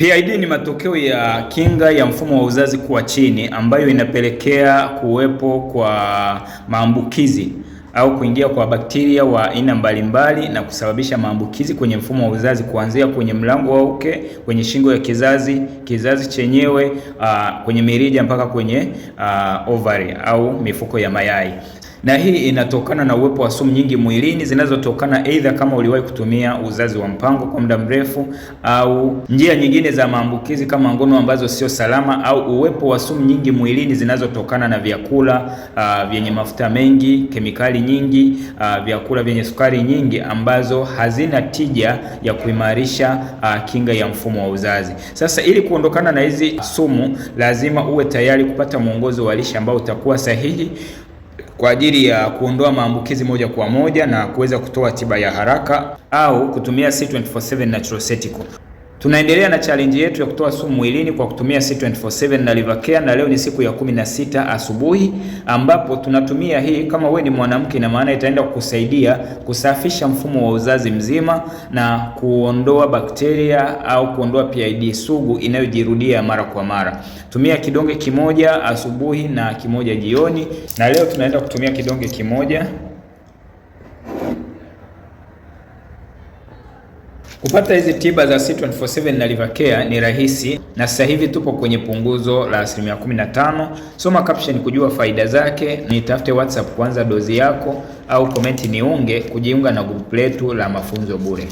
PID ni matokeo ya kinga ya mfumo wa uzazi kuwa chini ambayo inapelekea kuwepo kwa maambukizi au kuingia kwa bakteria wa aina mbalimbali na kusababisha maambukizi kwenye mfumo wa uzazi kuanzia kwenye mlango wa uke, kwenye shingo ya kizazi, kizazi chenyewe, uh, kwenye mirija mpaka kwenye uh, ovary au mifuko ya mayai na hii inatokana na uwepo wa sumu nyingi mwilini zinazotokana aidha kama uliwahi kutumia uzazi wa mpango kwa muda mrefu au njia nyingine za maambukizi kama ngono ambazo sio salama au uwepo wa sumu nyingi mwilini zinazotokana na vyakula uh, vyenye mafuta mengi, kemikali nyingi, uh, vyakula vyenye sukari nyingi ambazo hazina tija ya kuimarisha uh, kinga ya mfumo wa uzazi. Sasa ili kuondokana na hizi sumu lazima uwe tayari kupata mwongozo wa lishe ambao utakuwa sahihi kwa ajili ya kuondoa maambukizi moja kwa moja na kuweza kutoa tiba ya haraka au kutumia C247 Natural Tunaendelea na challenge yetu ya kutoa sumu mwilini kwa kutumia C247 na Livercare na leo ni siku ya 16 asubuhi ambapo tunatumia hii. Kama wewe ni mwanamke, na maana itaenda kukusaidia kusafisha mfumo wa uzazi mzima na kuondoa bakteria au kuondoa PID sugu inayojirudia mara kwa mara. Tumia kidonge kimoja asubuhi na kimoja jioni, na leo tunaenda kutumia kidonge kimoja Kupata hizi tiba za C247 na Livercare ni rahisi na sasa hivi tupo kwenye punguzo la asilimia 15. Soma caption kujua faida zake, nitafute WhatsApp kuanza dozi yako, au komenti niunge kujiunga na grupu letu la mafunzo bure.